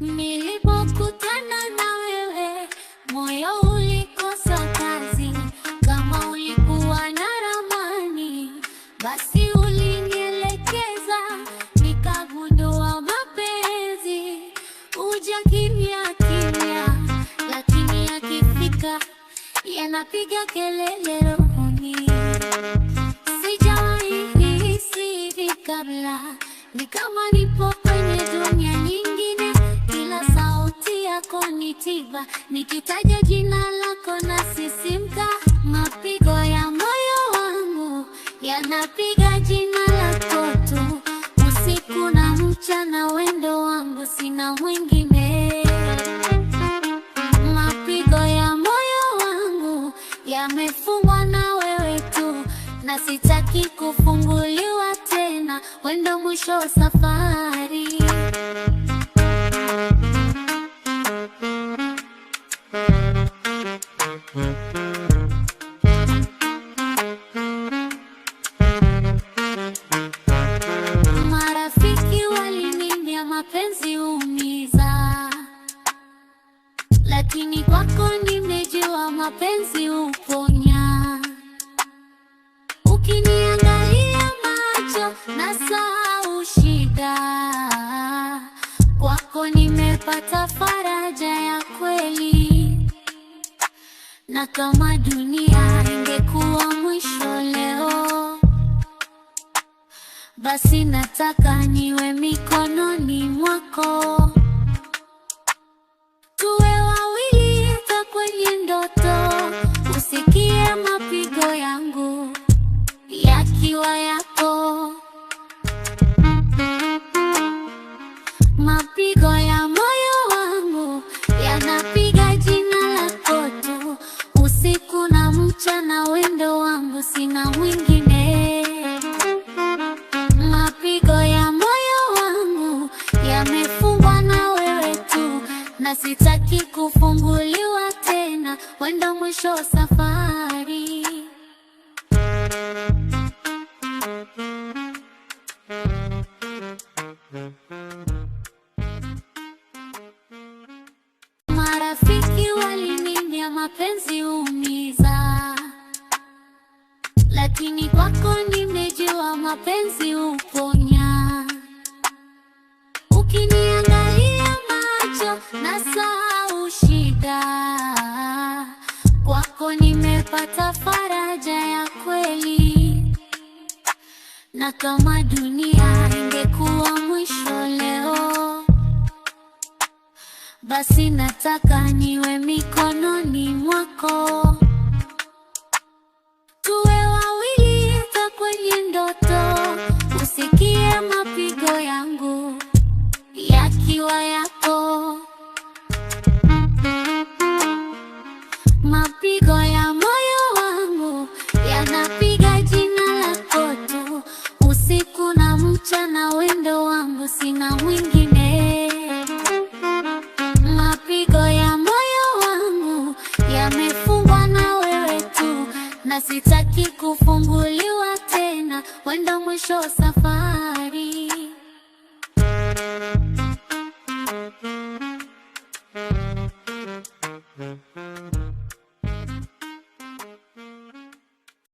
Nilipokutana na wewe moyo ulikosa kazi, kama ulikuwa na ramani basi ulinielekeza, nikagundua mapenzi uja kimya kimya, lakini yakifika yanapiga kelele rohoni. Sijawahi hisi hivi kabla, ni kama nipo tiba, nikitaja jina lako na sisimka mapigo ya moyo wangu yanapiga jina lako tu, usiku na mchana, wendo wangu sina mwingine. Mapigo ya moyo wangu yamefungwa na wewe tu, na sitaki kufunguliwa tena, wendo mwisho wa safari Marafiki waliniambia mapenzi lakini kwako mapenzi Ukiniangalia macho kwako nimepata faraja ya kweli na kama dunia ingekuwa mwisho leo, basi nataka niwe mikononi mwako. sitaki kufunguliwa tena, wenda mwisho wa safari. Marafiki walininia mapenzi umiza, lakini kwako nimejua mapenzi upo nimesahau shida, kwako nimepata faraja ya kweli. Na kama dunia ingekuwa mwisho leo, basi nataka niwe mikononi mwako. Mapigo ya moyo wangu yanapiga jina lako tu, usiku na mchana, wendo wangu sina mwingine. Mapigo ya moyo wangu yamefungwa na wewe tu, na sitaki kufunguliwa tena, wenda mwisho safari